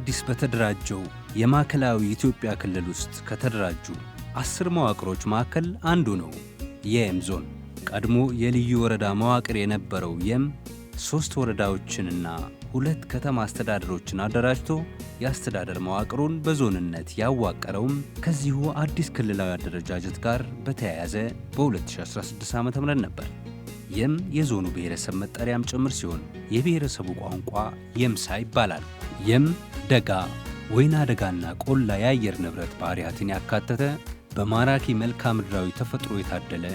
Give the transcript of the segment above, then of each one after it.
አዲስ በተደራጀው የማዕከላዊ ኢትዮጵያ ክልል ውስጥ ከተደራጁ አስር መዋቅሮች መካከል አንዱ ነው የየም ዞን። ቀድሞ የልዩ ወረዳ መዋቅር የነበረው የም ሦስት ወረዳዎችንና ሁለት ከተማ አስተዳደሮችን አደራጅቶ የአስተዳደር መዋቅሩን በዞንነት ያዋቀረውም ከዚሁ አዲስ ክልላዊ አደረጃጀት ጋር በተያያዘ በ2016 ዓ.ም ነበር። የም የዞኑ ብሔረሰብ መጠሪያም ጭምር ሲሆን የብሔረሰቡ ቋንቋ የምሳ ይባላል። የም ደጋ፣ ወይና ደጋና ቆላ የአየር ንብረት ባህሪያትን ያካተተ በማራኪ መልክዓ ምድራዊ ተፈጥሮ የታደለ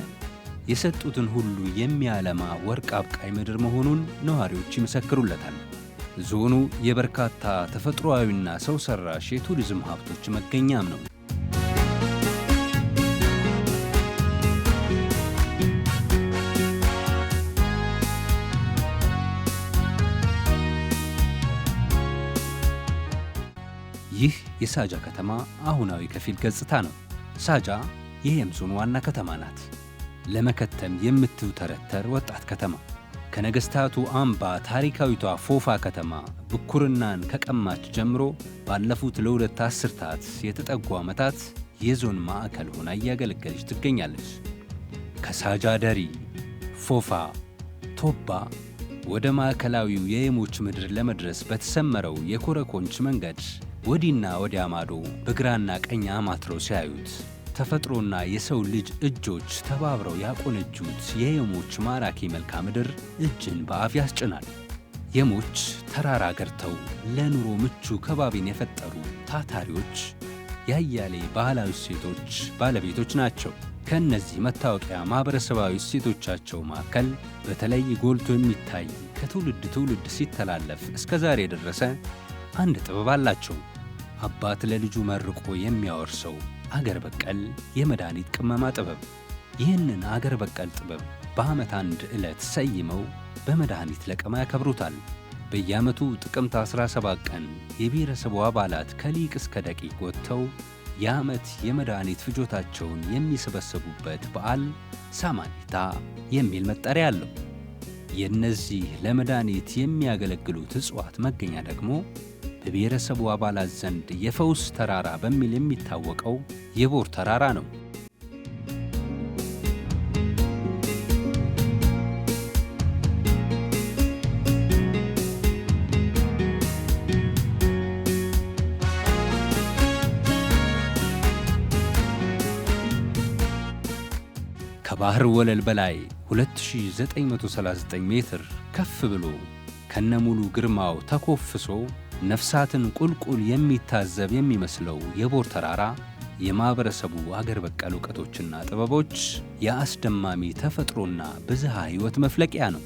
የሰጡትን ሁሉ የሚያለማ ወርቅ አብቃይ ምድር መሆኑን ነዋሪዎች ይመሰክሩለታል። ዞኑ የበርካታ ተፈጥሮአዊና ሰው ሰራሽ የቱሪዝም ሀብቶች መገኛም ነው። ይህ የሳጃ ከተማ አሁናዊ ከፊል ገጽታ ነው። ሳጃ ዞን ዋና ከተማ ናት። ለመከተም የምትውተረተር ወጣት ከተማ ከነገሥታቱ አምባ ታሪካዊቷ ፎፋ ከተማ ብኩርናን ከቀማች ጀምሮ ባለፉት ለሁለት አስርታት የተጠጉ ዓመታት የዞን ማዕከል ሆና እያገለገለች ትገኛለች። ከሳጃ ደሪ፣ ፎፋ፣ ቶባ ወደ ማዕከላዊው የየሞች ምድር ለመድረስ በተሰመረው የኮረኮንች መንገድ ወዲና ወዲያ ማዶ በግራና ቀኝ አማትረው ሲያዩት ተፈጥሮና የሰው ልጅ እጆች ተባብረው ያቆነጁት የየሞች ማራኪ መልክዓ ምድር እጅን በአፍ ያስጭናል። የሞች ተራራ ገርተው ለኑሮ ምቹ ከባቢን የፈጠሩ ታታሪዎች ያያሌ ባህላዊ እሴቶች ባለቤቶች ናቸው። ከእነዚህ መታወቂያ ማኅበረሰባዊ እሴቶቻቸው መካከል በተለይ ጎልቶ የሚታይ ከትውልድ ትውልድ ሲተላለፍ እስከ ዛሬ የደረሰ አንድ ጥበብ አላቸው። አባት ለልጁ መርቆ የሚያወርሰው አገር በቀል የመድኃኒት ቅመማ ጥበብ። ይህንን አገር በቀል ጥበብ በዓመት አንድ ዕለት ሰይመው በመድኃኒት ለቀማ ያከብሩታል። በየዓመቱ ጥቅምት 17 ቀን የብሔረሰቡ አባላት ከሊቅ እስከ ደቂቅ ወጥተው የዓመት የመድኃኒት ፍጆታቸውን የሚሰበሰቡበት በዓል ሳማኒታ የሚል መጠሪያ አለው። የእነዚህ ለመድኃኒት የሚያገለግሉት ዕጽዋት መገኛ ደግሞ በብሔረሰቡ አባላት ዘንድ የፈውስ ተራራ በሚል የሚታወቀው የቦር ተራራ ነው። ከባህር ወለል በላይ 2939 ሜትር ከፍ ብሎ ከነሙሉ ግርማው ተኮፍሶ ነፍሳትን ቁልቁል የሚታዘብ የሚመስለው የቦር ተራራ የማኅበረሰቡ አገር በቀል ዕውቀቶችና ጥበቦች የአስደማሚ ተፈጥሮና ብዝሃ ሕይወት መፍለቂያ ነው።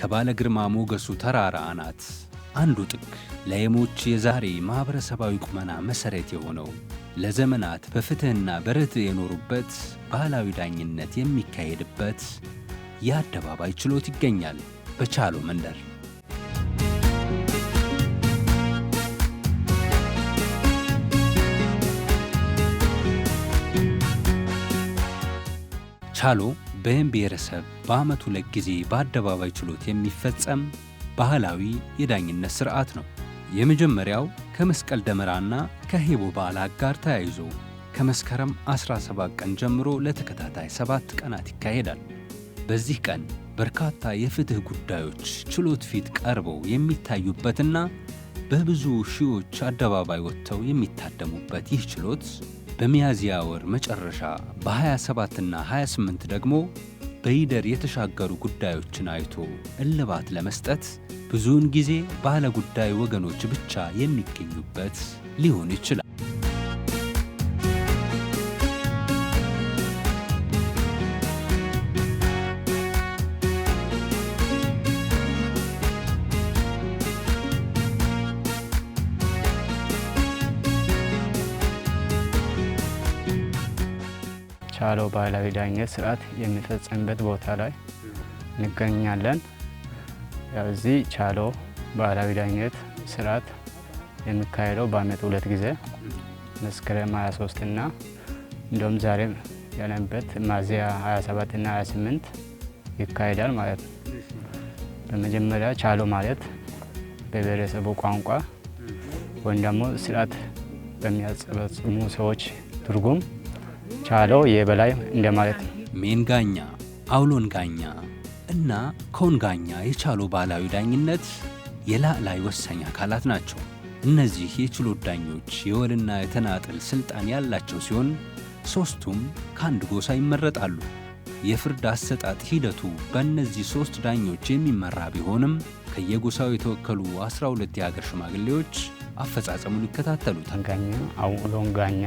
ከባለ ግርማ ሞገሱ ተራራ አናት አንዱ ጥግ ለየሞች የዛሬ ማኅበረሰባዊ ቁመና መሠረት የሆነው ለዘመናት በፍትሕና በርትዕ የኖሩበት ባህላዊ ዳኝነት የሚካሄድበት የአደባባይ ችሎት ይገኛል በቻሎ መንደር። ቻሎ በይም ብሔረሰብ በዓመት ሁለት ጊዜ በአደባባይ ችሎት የሚፈጸም ባህላዊ የዳኝነት ስርዓት ነው። የመጀመሪያው ከመስቀል ደመራና ከሄቦ በዓላት ጋር ተያይዞ ከመስከረም 17 ቀን ጀምሮ ለተከታታይ ሰባት ቀናት ይካሄዳል። በዚህ ቀን በርካታ የፍትህ ጉዳዮች ችሎት ፊት ቀርበው የሚታዩበትና በብዙ ሺዎች አደባባይ ወጥተው የሚታደሙበት ይህ ችሎት በሚያዝያ ወር መጨረሻ በ27ና 28 ደግሞ በይደር የተሻገሩ ጉዳዮችን አይቶ እልባት ለመስጠት ብዙውን ጊዜ ባለጉዳይ ወገኖች ብቻ የሚገኙበት ሊሆን ይችላል። በተሻለው ባህላዊ ዳኝነት ስርዓት የሚፈጸምበት ቦታ ላይ እንገኛለን። እዚህ ቻሎ ባህላዊ ዳኝነት ስርዓት የሚካሄደው በአመት ሁለት ጊዜ መስከረም 23 እና እንደውም ዛሬ ያለንበት ማዚያ 27 እና 28 ይካሄዳል ማለት ነው። በመጀመሪያ ቻሎ ማለት በብሔረሰቡ ቋንቋ ወይም ደግሞ ስርዓት በሚያጸበጽሙ ሰዎች ትርጉም ቻለው የበላይ እንደማለት ነው። ሜንጋኛ፣ አውሎንጋኛ እና ኮንጋኛ የቻሉ ባህላዊ ዳኝነት የላዕላይ ወሳኝ አካላት ናቸው። እነዚህ የችሎት ዳኞች የወልና የተናጥል ሥልጣን ያላቸው ሲሆን ሦስቱም ከአንድ ጎሳ ይመረጣሉ። የፍርድ አሰጣጥ ሂደቱ በእነዚህ ሦስት ዳኞች የሚመራ ቢሆንም ከየጎሳው የተወከሉ 12 የሀገር ሽማግሌዎች አፈጻጸሙን ይከታተሉታል። ጋኛ አውሎንጋኛ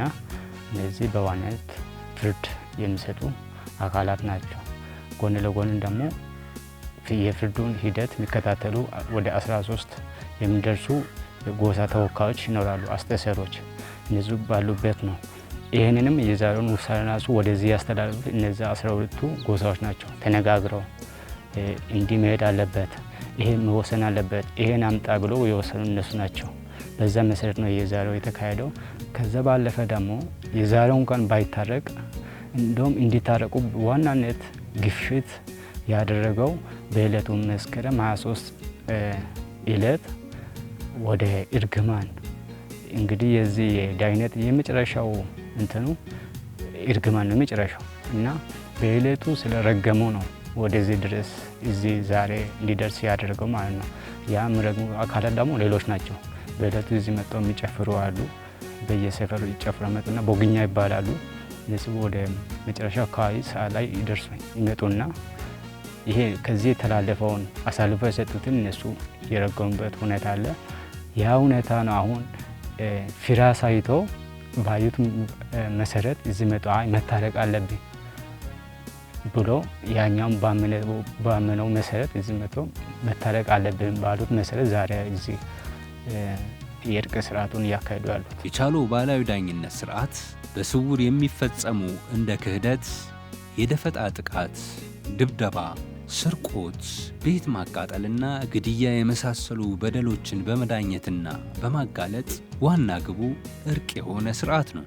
እነዚህ በዋነት ፍርድ የሚሰጡ አካላት ናቸው። ጎን ለጎን ደግሞ የፍርዱን ሂደት የሚከታተሉ ወደ 13 የሚደርሱ ጎሳ ተወካዮች ይኖራሉ፣ አስተሰሮች እነዚ ባሉበት ነው። ይህንንም የዛሬውን ውሳኔ ራሱ ወደዚህ ያስተላለፉት እነዚ 12ቱ ጎሳዎች ናቸው። ተነጋግረው እንዲህ መሄድ አለበት፣ ይሄ መወሰን አለበት፣ ይሄን አምጣ ብሎ የወሰኑ እነሱ ናቸው። በዛ መሰረት ነው የዛሬው የተካሄደው። ከዛ ባለፈ ደግሞ የዛሬውን ቀን ባይታረቅ እንደውም እንዲታረቁ ዋናነት ግፊት ያደረገው በዕለቱ መስከረም 23 ዕለት ወደ እርግማን እንግዲህ የዚህ የዳይነት የመጨረሻው እንትኑ እርግማን ነው የመጨረሻው እና በዕለቱ ስለረገመው ነው ወደዚህ ድረስ እዚህ ዛሬ እንዲደርስ ያደረገው ማለት ነው። ያ የሚረግሙ አካላት ደግሞ ሌሎች ናቸው። በዕለቱ እዚህ መጥተው የሚጨፍሩ አሉ። በየሰፈሩ ይጨፍረ መጡና ቦግኛ ይባላሉ። እነሱ ወደ መጨረሻው አካባቢ ሰዓት ላይ ይደርሱ ይመጡና ይሄ ከዚህ የተላለፈውን አሳልፎ የሰጡትን እነሱ የረገሙበት ሁኔታ አለ። ያ ሁኔታ ነው አሁን ፊራ ሳይቶ ባዩት መሰረት እዚህ መጡ መታረቅ አለብኝ ብሎ ያኛውም ባመነው መሰረት እዚህ መጥቶ መታረቅ አለብን ባሉት መሰረት ዛሬ እዚህ የእርቅ ስርዓቱን እያካሄዱ ያሉት። የቻሎ ባህላዊ ዳኝነት ስርዓት በስውር የሚፈጸሙ እንደ ክህደት፣ የደፈጣ ጥቃት፣ ድብደባ፣ ስርቆት፣ ቤት ማቃጠልና ግድያ የመሳሰሉ በደሎችን በመዳኘትና በማጋለጥ ዋና ግቡ እርቅ የሆነ ስርዓት ነው።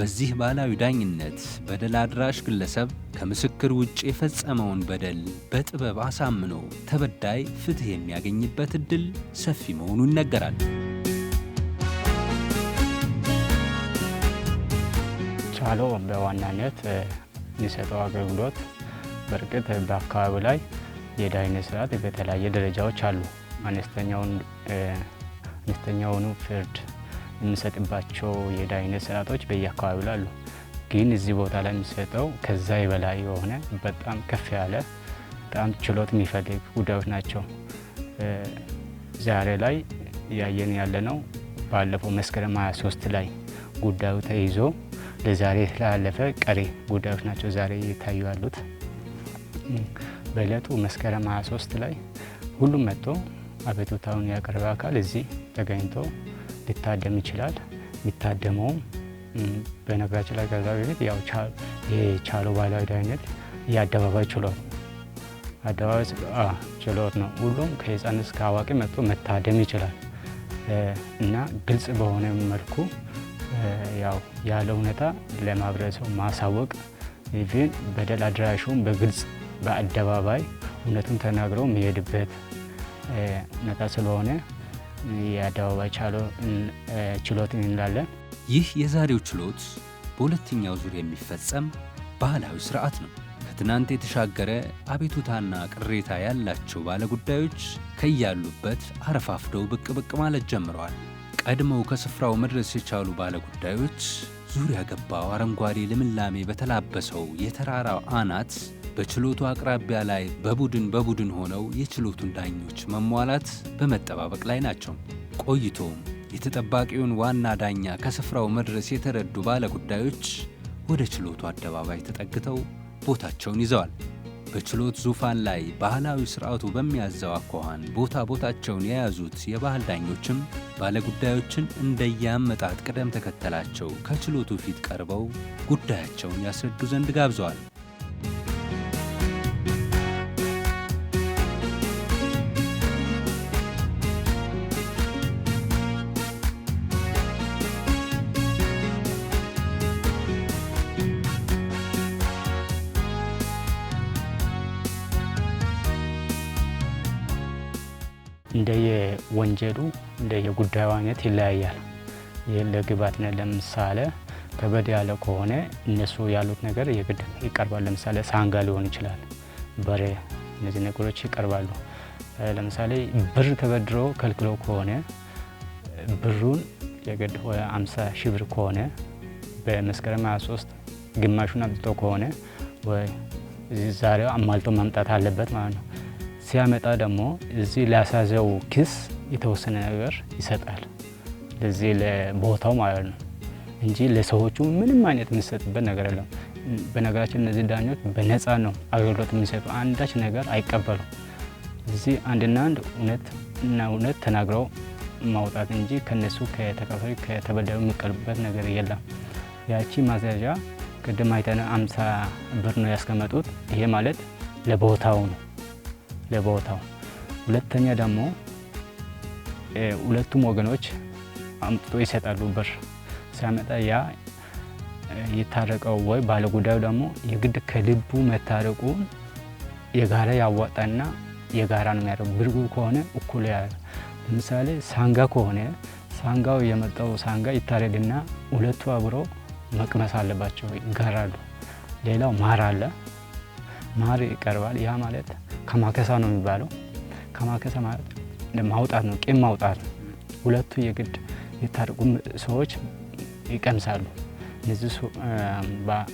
በዚህ ባህላዊ ዳኝነት በደል አድራሽ ግለሰብ ከምስክር ውጭ የፈጸመውን በደል በጥበብ አሳምኖ ተበዳይ ፍትህ የሚያገኝበት እድል ሰፊ መሆኑ ይነገራል። ቻሎ በዋናነት የሚሰጠው አገልግሎት በእርግጥ በአካባቢው ላይ የዳኝነት ስርዓት በተለያየ ደረጃዎች አሉ። አነስተኛውን አነስተኛውኑ ፍርድ የምንሰጥባቸው የዕዳ አይነት ስርዓቶች በየአካባቢው ላሉ ግን እዚህ ቦታ ላይ የሚሰጠው ከዛ የበላይ የሆነ በጣም ከፍ ያለ በጣም ችሎት የሚፈልግ ጉዳዮች ናቸው። ዛሬ ላይ እያየን ያለ ነው። ባለፈው መስከረም 23 ላይ ጉዳዩ ተይዞ ለዛሬ ስላለፈ ቀሪ ጉዳዮች ናቸው ዛሬ እየታዩ ያሉት። በእለቱ መስከረም 23 ላይ ሁሉም መጥቶ አቤቱታውን ያቀረበ አካል እዚህ ተገኝቶ ሊታደም ይችላል። የሚታደመውም በነገራችን ላይ ከዛ በፊት የቻሎ ባህላዊ ዳኝነት የአደባባይ ችሎት አደባባይ ችሎት ነው። ሁሉም ከህፃን እስከ አዋቂ መጥቶ መታደም ይችላል እና ግልጽ በሆነ መልኩ ያው ያለ ሁኔታ ለማህበረሰቡ ማሳወቅ ኢቭን በደል አድራሹም በግልጽ በአደባባይ እውነቱን ተናግረው የሚሄድበት ነጣ ስለሆነ የአደባባይ ችሎት እንላለን። ይህ የዛሬው ችሎት በሁለተኛው ዙር የሚፈጸም ባህላዊ ስርዓት ነው። ከትናንት የተሻገረ አቤቱታና ቅሬታ ያላቸው ባለጉዳዮች ከያሉበት አረፋፍደው ብቅ ብቅ ማለት ጀምረዋል። ቀድመው ከስፍራው መድረስ የቻሉ ባለጉዳዮች ዙሪያ ገባው አረንጓዴ ልምላሜ በተላበሰው የተራራው አናት በችሎቱ አቅራቢያ ላይ በቡድን በቡድን ሆነው የችሎቱን ዳኞች መሟላት በመጠባበቅ ላይ ናቸው። ቆይቶም የተጠባቂውን ዋና ዳኛ ከስፍራው መድረስ የተረዱ ባለጉዳዮች ወደ ችሎቱ አደባባይ ተጠግተው ቦታቸውን ይዘዋል። በችሎት ዙፋን ላይ ባህላዊ ሥርዓቱ በሚያዘው አኳኋን ቦታ ቦታቸውን የያዙት የባህል ዳኞችም ባለጉዳዮችን እንደየአመጣጥ ቅደም ተከተላቸው ከችሎቱ ፊት ቀርበው ጉዳያቸውን ያስረዱ ዘንድ ጋብዘዋል። እንደየወንጀሉ እንደየጉዳዩ አይነት ይለያያል። ይህን ለግብዓትነት ለምሳሌ ከበድ ያለ ከሆነ እነሱ ያሉት ነገር የግድ ይቀርባል። ለምሳሌ ሳንጋ ሊሆን ይችላል፣ በሬ፣ እነዚህ ነገሮች ይቀርባሉ። ለምሳሌ ብር ተበድሮ ከልክሎ ከሆነ ብሩን የግድ 50 ሺህ ብር ከሆነ በመስከረም 23 ግማሹን አምጥቶ ከሆነ ወይ ዛሬው አሟልቶ ማምጣት አለበት ማለት ነው። ሲያመጣ ደግሞ እዚህ ሊያሳዘው ኪስ የተወሰነ ነገር ይሰጣል፣ ለዚህ ለቦታው ማለት ነው እንጂ ለሰዎቹ ምንም አይነት የምንሰጥበት ነገር የለም። በነገራችን እነዚህ ዳኞች በነፃ ነው አገልግሎት የሚሰጡ፣ አንዳች ነገር አይቀበሉ። እዚህ አንድና አንድ እውነት እና እውነት ተናግረው ማውጣት እንጂ ከነሱ ከተከፋዩ ከተበደሉ የሚቀልበት ነገር የለም። ያቺ ማዘዣ ቅድም አይተነ አምሳ ብር ነው ያስቀመጡት። ይሄ ማለት ለቦታው ነው። ለቦታው። ሁለተኛ ደግሞ ሁለቱም ወገኖች አምጥቶ ይሰጣሉ ብር ሲያመጣ ያ የታረቀው ወይ ባለጉዳዩ ደግሞ የግድ ከልቡ መታረቁ የጋራ ያዋጣና የጋራ ነው የሚያደርጉ። ብርጉ ከሆነ እኩል ያ ለምሳሌ ሳንጋ ከሆነ ሳንጋው የመጣው ሳንጋ ይታረድና ሁለቱ አብሮ መቅመስ አለባቸው፣ ይጋራሉ። ሌላው ማር አለ፣ ማር ይቀርባል። ያ ማለት ከማከሳ ነው የሚባለው። ከማከሳ ማለት ማውጣት ነው፣ ቂም ማውጣት ነው። ሁለቱ የግድ የታረቁ ሰዎች ይቀምሳሉ። እነዚህ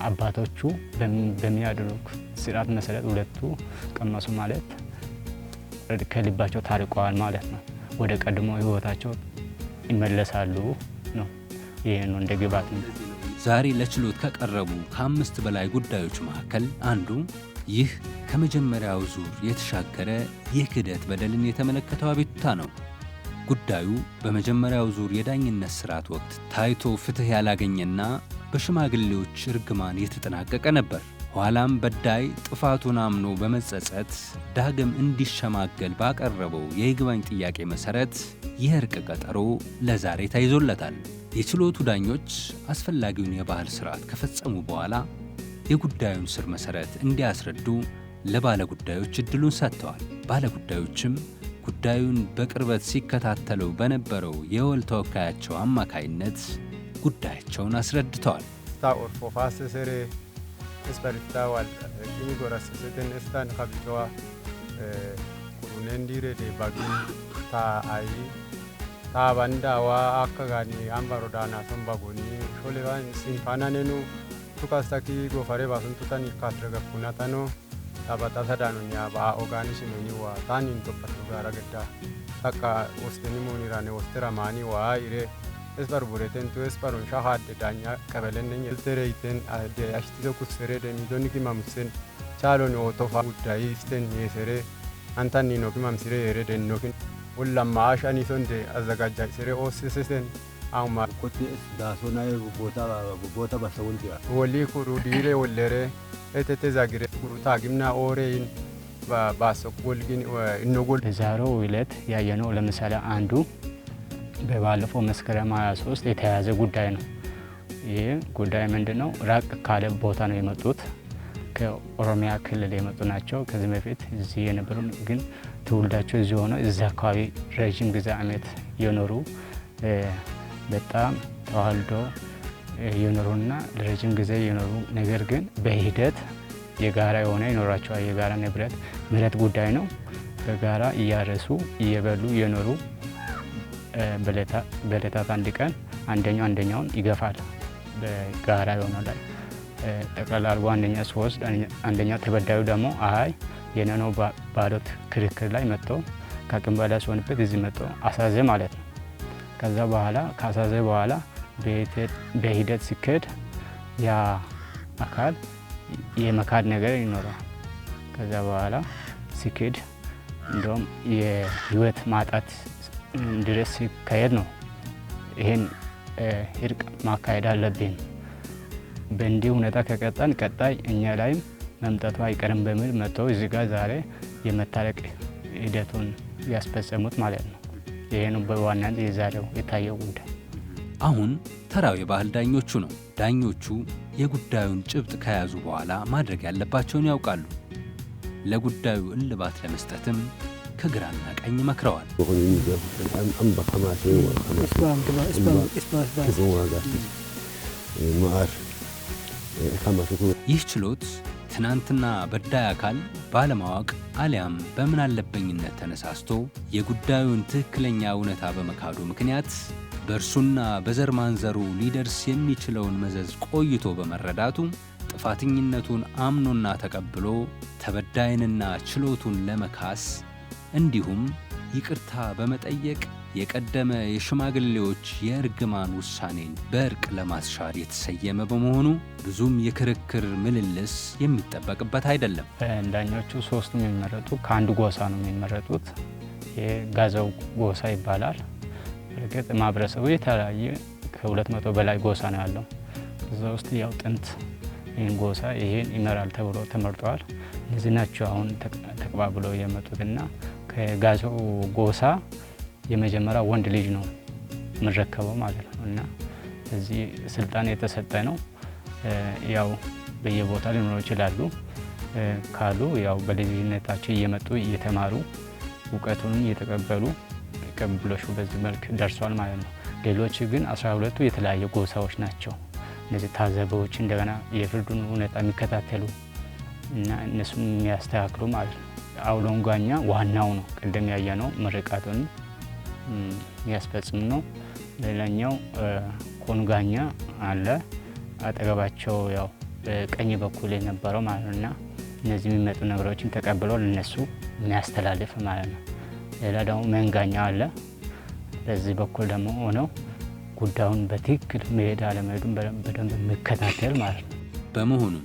አባቶቹ በሚያደርጉ ስርዓት መሰረት ሁለቱ ቀመሱ ማለት ከልባቸው ታርቀዋል ማለት ነው። ወደ ቀድሞ ህይወታቸው ይመለሳሉ ነው። ይህ ነው እንደ ግባት። ዛሬ ለችሎት ከቀረቡ ከአምስት በላይ ጉዳዮች መካከል አንዱ ይህ ከመጀመሪያው ዙር የተሻገረ የክደት በደልን የተመለከተው አቤቱታ ነው። ጉዳዩ በመጀመሪያው ዙር የዳኝነት ሥርዓት ወቅት ታይቶ ፍትሕ ያላገኘና በሽማግሌዎች እርግማን የተጠናቀቀ ነበር። ኋላም በዳይ ጥፋቱን አምኖ በመጸጸት ዳግም እንዲሸማገል ባቀረበው የይግባኝ ጥያቄ መሠረት የእርቅ ቀጠሮ ለዛሬ ተይዞለታል። የችሎቱ ዳኞች አስፈላጊውን የባህል ሥርዓት ከፈጸሙ በኋላ የጉዳዩን ስር መሰረት እንዲያስረዱ ለባለጉዳዮች እድሉን ሰጥተዋል። ባለጉዳዮችም ጉዳዩን በቅርበት ሲከታተለው በነበረው የወል ተወካያቸው አማካይነት ጉዳያቸውን አስረድተዋል። ታባንዳዋ አካጋኒ አምባሮዳና ቶንባጎኒ ሾሌባን ሲንፋናኔኑ ቱካስታኪ ጎፈሬ ባሱን ቱታን ካስረገኩና ተኖ ጠበጣ ሰዳኑኛ በኦጋኒ ሽመኒ ዋ ታን ኢንቶፓቱ ጋራ ገዳ ጠቃ ወስደኒ ሞኒራኔ ወስተራ ማኒ ዋ ኢሬ እስፐር ቡሬቴን ቱ እስፐሩን ሻሃድ ዳኛ ቀበለነኝ ልትሬይቴን አሽቲቶ ኩስሬ ደሚዶኒ ኪማምስን ቻሎን ኦቶፋ ጉዳይ ስቴን የሰሬ አንታኒ ኖ ኪማምስሬ የሬ ደኖኪን ሁላማ አሻኒቶንዴ አዘጋጃ ስሬ ኦስስስቴን amma kotti da sunai gota gota basawun tiya wali kuru dile wallere etete eh, zagire kuru tagimna ኦሬይን ባሰቆል ግን እነጎል ዛሬው ዕለት ያየነው ለምሳሌ አንዱ በባለፈው መስከረም 23 የተያያዘ ጉዳይ ነው። ይህ ጉዳይ ምንድን ነው? ራቅ ካለ ቦታ ነው የመጡት ከኦሮሚያ ክልል የመጡ ናቸው። ከዚህ በፊት እዚህ የነበሩ ግን ትውልዳቸው እዚህ ሆነው እዚያ አካባቢ ረዥም ጊዜ አመት የኖሩ በጣም ተዋልዶ የኖሩና ለረጅም ጊዜ የኖሩ ነገር ግን በሂደት የጋራ የሆነ ይኖራቸዋል። የጋራ ንብረት ምረት ጉዳይ ነው። በጋራ እያረሱ እየበሉ እየኖሩ በዕለታት አንድ ቀን አንደኛው አንደኛውን ይገፋል። በጋራ የሆነ ላይ ጠቅላላ አድርጎ አንደኛ ሶስት አንደኛ ተበዳዩ ደግሞ አይ የነኖ ባሎት ክርክር ላይ መጥቶ ከአቅም በላይ ሲሆንበት እዚህ መጥቶ አሳዘ ማለት ነው። ከዛ በኋላ ካሳዘ በኋላ በሂደት ሲካሄድ ያ አካል የመካድ ነገር ይኖረዋል። ከዛ በኋላ ሲክድ እንደውም የህይወት ማጣት ድረስ ሲካሄድ ነው ይህን እርቅ ማካሄድ አለብን። በእንዲህ ሁኔታ ከቀጣን ቀጣይ እኛ ላይም መምጣቱ አይቀርም በሚል መጥተው እዚህ ጋር ዛሬ የመታረቅ ሂደቱን ያስፈጸሙት ማለት ነው። ይሄ ነው በዋናነት የዛሬው የታየው ጉዳይ። አሁን ተራው የባህል ዳኞቹ ነው። ዳኞቹ የጉዳዩን ጭብጥ ከያዙ በኋላ ማድረግ ያለባቸውን ያውቃሉ። ለጉዳዩ እልባት ለመስጠትም ከግራና ቀኝ መክረዋል። ይህ ችሎት ትናንትና በዳይ አካል ባለማወቅ አሊያም በምን አለበኝነት ተነሳስቶ የጉዳዩን ትክክለኛ እውነታ በመካዱ ምክንያት በእርሱና በዘር ማንዘሩ ሊደርስ የሚችለውን መዘዝ ቆይቶ በመረዳቱ ጥፋተኝነቱን አምኖና ተቀብሎ ተበዳይንና ችሎቱን ለመካስ እንዲሁም ይቅርታ በመጠየቅ የቀደመ የሽማግሌዎች የእርግማን ውሳኔን በእርቅ ለማስሻር የተሰየመ በመሆኑ ብዙም የክርክር ምልልስ የሚጠበቅበት አይደለም። ዳኞቹ ሶስት ነው የሚመረጡ፣ ከአንድ ጎሳ ነው የሚመረጡት። የጋዘው ጎሳ ይባላል። እርግጥ ማህበረሰቡ የተለያየ ከሁለት መቶ በላይ ጎሳ ነው ያለው። እዛ ውስጥ ያው ጥንት ይህን ጎሳ ይህን ይመራል ተብሎ ተመርጠዋል። እነዚህ ናቸው አሁን ተቀባብለው የመጡትና ከጋዞ ጎሳ የመጀመሪያ ወንድ ልጅ ነው የምንረከበው ማለት ነው እና እዚህ ስልጣን የተሰጠ ነው። ያው በየቦታ ሊኖረው ይችላሉ ካሉ ያው በልጅነታቸው እየመጡ እየተማሩ እውቀቱንም እየተቀበሉ ቅብብሎሹ በዚህ መልክ ደርሷል ማለት ነው። ሌሎች ግን አስራ ሁለቱ የተለያዩ ጎሳዎች ናቸው። እነዚህ ታዘበዎች እንደገና የፍርዱን ሁኔታ የሚከታተሉ እና እነሱም የሚያስተካክሉ ማለት ነው። አውሎንጓኛ ዋናው ነው። ቅድም ያየነው ምርቃቱን የሚያስፈጽም ነው። ሌላኛው ኮንጋኛ አለ አጠገባቸው ያው በቀኝ በኩል የነበረው ማለት ነውና እነዚህ የሚመጡ ነገሮችን ተቀብሎ ለነሱ የሚያስተላልፍ ማለት ነው። ሌላ ደግሞ መንጋኛ አለ። በዚህ በኩል ደግሞ ሆነው ጉዳዩን በትክክል መሄድ አለመሄዱን በደንብ የሚከታተል ማለት ነው። በመሆኑም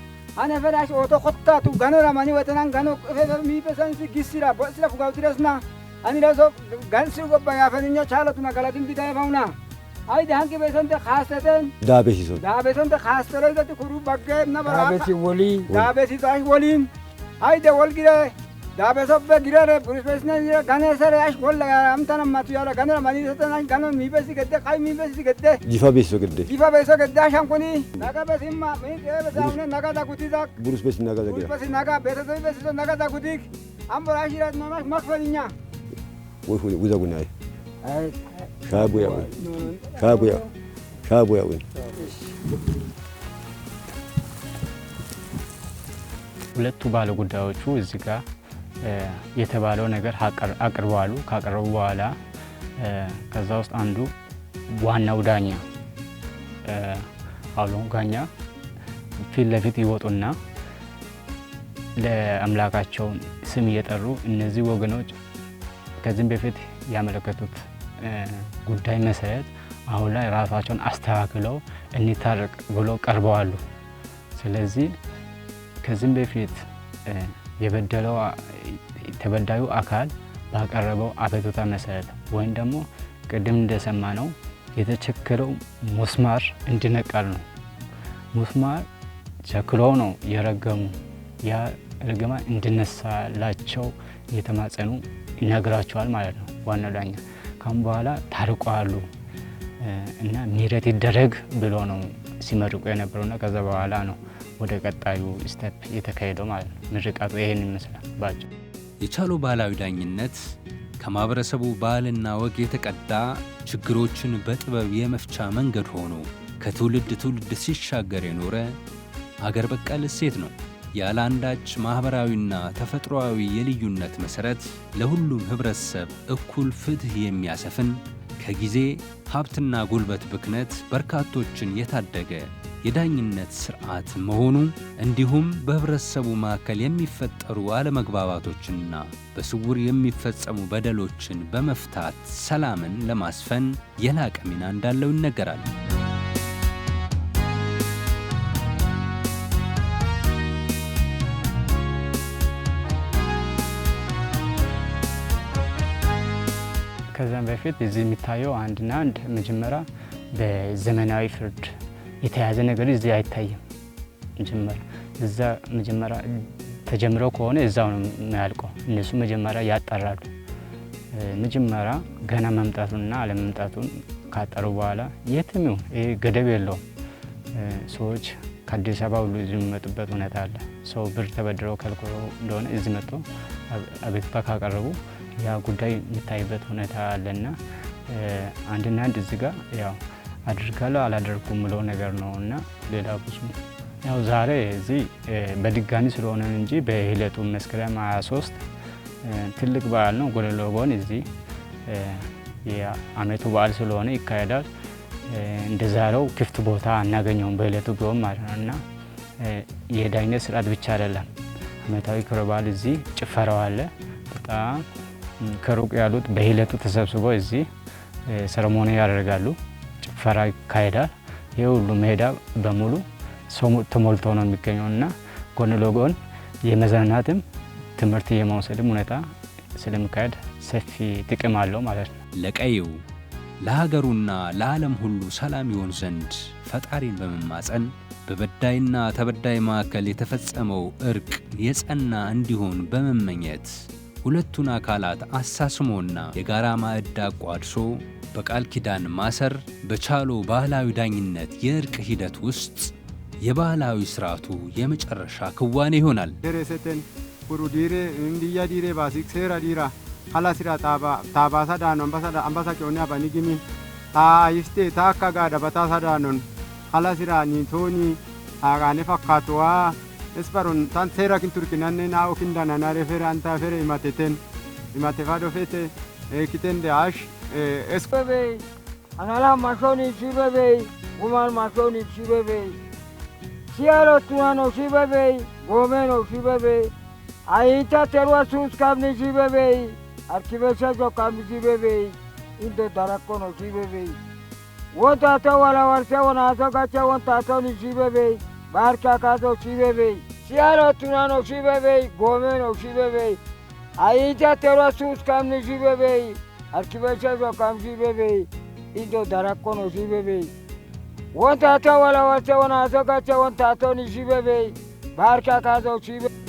ane fedha oto kottatu gano ramani wetenan gano miipesansi gisira bo'sira fugawtiresna ani leso gansi gobba yaafeninyo chaalatuna galatin bitayefawna አይደ ሀንቂ ቤሰንተ ካስተተን ዳቤሲ ሶ ዳቤሰንተ ካስተረ ገት ኩሩ በገ ነበራ ዳቤሲ ወሊ ዳቤሲ ዛሽ ወሊን አይደ ወልግረ ದಾಬೆಸೊಬ್ಬೆ ಗಿಡರೆ ಪುರುಷ ಬೇಸಿನ ಗನ ಹೆಸರೆ ಅಷ್ಟು ಗೊಲ್ಲ ಅಮ್ತಾನ ಮತ್ತು ಯಾವ ಗನ ಮನಿ ಸತನ ಅಷ್ಟು ಗನ ಮೀ ಬೇಸಿ ಗದ್ದೆ ಕಾಯಿ ಮೀ ಬೇಸಿ ಗದ್ದೆ ಜಿಫಾ ಬೇಸೋ ಗದ್ದೆ ಜಿಫಾ ಬೇಸೋ ಗದ್ದೆ ಅಷ್ಟು ಅಂಕೊನಿ ನಗ ಬೇಸಿ ಇಮ್ಮ ಮೀ ದೇವೆ ಬೇಸ ಅವನೇ ನಗ ದಾಕುತಿದಾಕ್ ಪುರುಷ ಬೇಸಿ ನಗ ದಾಕುತಿ ಬೇಸಿ ನಗ ಬೇಸದ ಬೇಸಿದ ನಗ ದಾಕುತಿಕ್ ಅಂಬರ ಆಶೀರ್ವಾದ ನಮಸ್ ಮಕ್ಫಲಿನ್ಯ ውዘጉናይ ሻቡያውን ሻቡያ ሻቡያውን ሁለቱ ባለ ጉዳዮቹ እዚህ ጋር የተባለው ነገር አቅርበዋሉ። ካቀረቡ በኋላ ከዛ ውስጥ አንዱ ዋናው ዳኛ አውሎን ጋኛ ፊት ለፊት ይወጡና ለአምላካቸውን ስም እየጠሩ እነዚህ ወገኖች ከዚህም በፊት ያመለከቱት ጉዳይ መሰረት አሁን ላይ ራሳቸውን አስተካክለው እንታረቅ ብሎ ቀርበዋሉ። ስለዚህ ከዚህም በፊት የበደለው ተበዳዩ አካል ባቀረበው አቤቱታ መሰረት ወይም ደግሞ ቅድም እንደሰማ ነው የተቸከለው ሙስማር እንዲነቀል ነው። ሙስማር ቸክሎ ነው የረገሙ ያ ርግማ እንድነሳላቸው እየተማጸኑ ይነግራቸዋል ማለት ነው። ዋናው ዳኛ ካሁን በኋላ ታርቋሉ እና ምሕረት ይደረግ ብሎ ነው ሲመርቁ የነበረውና ከዛ በኋላ ነው ወደ ቀጣዩ ስቴፕ የተካሄደው ማለት ነው። ምርቃቱ ይህን ይመስላል ባጭሩ። የቻሎ ባህላዊ ዳኝነት ከማህበረሰቡ ባህልና ወግ የተቀዳ ችግሮችን በጥበብ የመፍቻ መንገድ ሆኖ ከትውልድ ትውልድ ሲሻገር የኖረ አገር በቀል እሴት ነው። ያለ አንዳች ማኅበራዊና ተፈጥሮአዊ የልዩነት መሠረት ለሁሉም ኅብረተሰብ እኩል ፍትሕ የሚያሰፍን ከጊዜ ሀብትና ጉልበት ብክነት በርካቶችን የታደገ የዳኝነት ስርዓት መሆኑ እንዲሁም በህብረተሰቡ መካከል የሚፈጠሩ አለመግባባቶችና በስውር የሚፈጸሙ በደሎችን በመፍታት ሰላምን ለማስፈን የላቀ ሚና እንዳለው ይነገራል። ከዚያም በፊት እዚህ የሚታየው አንድና አንድ መጀመሪያ በዘመናዊ ፍርድ የተያዘ ነገር እዚህ አይታይም። መጀመሪያ እዛ መጀመሪያ ተጀምረው ከሆነ እዛው ነው የሚያልቀው። እነሱ መጀመሪያ ያጠራሉ። መጀመሪያ ገና መምጣቱንና አለመምጣቱን ካጠሩ በኋላ የትም ገደብ የለውም። ሰዎች ከአዲስ አበባ ሁሉ እዚህ የሚመጡበት እውነታ አለ። ሰው ብር ተበድረው ከልኮ እንደሆነ እዚህ መጥቶ አቤቱታ ካቀረቡ ያ ጉዳይ የሚታይበት እውነታ አለና አንድና አንድ እዚህ ጋር ያው አድርጋለሁ አላደርኩም ምለው ነገር ነው እና ሌላ ብዙ ያው ዛሬ እዚህ በድጋሚ ስለሆነ እንጂ በሂለቱ መስከረም 23 ትልቅ በዓል ነው። ጎለሎ ጎን እዚህ የአመቱ በዓል ስለሆነ ይካሄዳል። እንደ ዛሬው ክፍት ቦታ አናገኘውም በሂለቱ ቢሆን ማለት ነው እና የዳኝነት ስርዓት ብቻ አይደለም አመታዊ ክብረ በዓል እዚህ ጭፈራው አለ። በጣም ከሩቅ ያሉት በሂለቱ ተሰብስበው እዚህ ሰረሞኒ ያደርጋሉ። ፈራ ይካሄዳል። ይህ ሁሉ ሜዳ በሙሉ ሰው ተሞልቶ ነው የሚገኘው እና ጎን ለጎን የመዝናናትም ትምህርት የመውሰድም ሁኔታ ስለሚካሄድ ሰፊ ጥቅም አለው ማለት ነው። ለቀዬው ለሀገሩና ለዓለም ሁሉ ሰላም ይሆን ዘንድ ፈጣሪን በመማፀን በበዳይና ተበዳይ መካከል የተፈጸመው እርቅ የጸና እንዲሆን በመመኘት ሁለቱን አካላት አሳስሞና የጋራ ማዕድ አቋድሶ በቃል ኪዳን ማሰር በቻሎ ባህላዊ ዳኝነት የእርቅ ሂደት ውስጥ የባህላዊ ስርዓቱ የመጨረሻ ክዋኔ ይሆናል። ሬሰተን እንዲያ ዲሬ ባሲክ ሴራ ዲራ ታባሳ አምባሳ ታይስቴ ታካ በታሳ ዳኖን ኒቶኒ አጋኔ እስበሩን ታን ሴራ ናኔ ናኦ አንታ ፌሬ ፌቴ ደ አሽ espebeyi, anala masoni sibebeyi, kumar masoni sibebeyi, siyaro tunano sibebeyi, gomeno sibebeyi, ayita terwa sus kamni sibebeyi, arkibesa jo kamni sibebeyi, indo darakkono sibebeyi. Won tato wala warse won aso gacha won tato ni sibebeyi, barka kazo sibebeyi, siyaro tunano sibebeyi, gomeno sibebeyi, ayita terwa sus kamni sibebeyi, akibachazwa kamzi bebe indo darakono zi bebe wontato wala wate wanaazakacha wontato ni zi bebe barka kazo chibe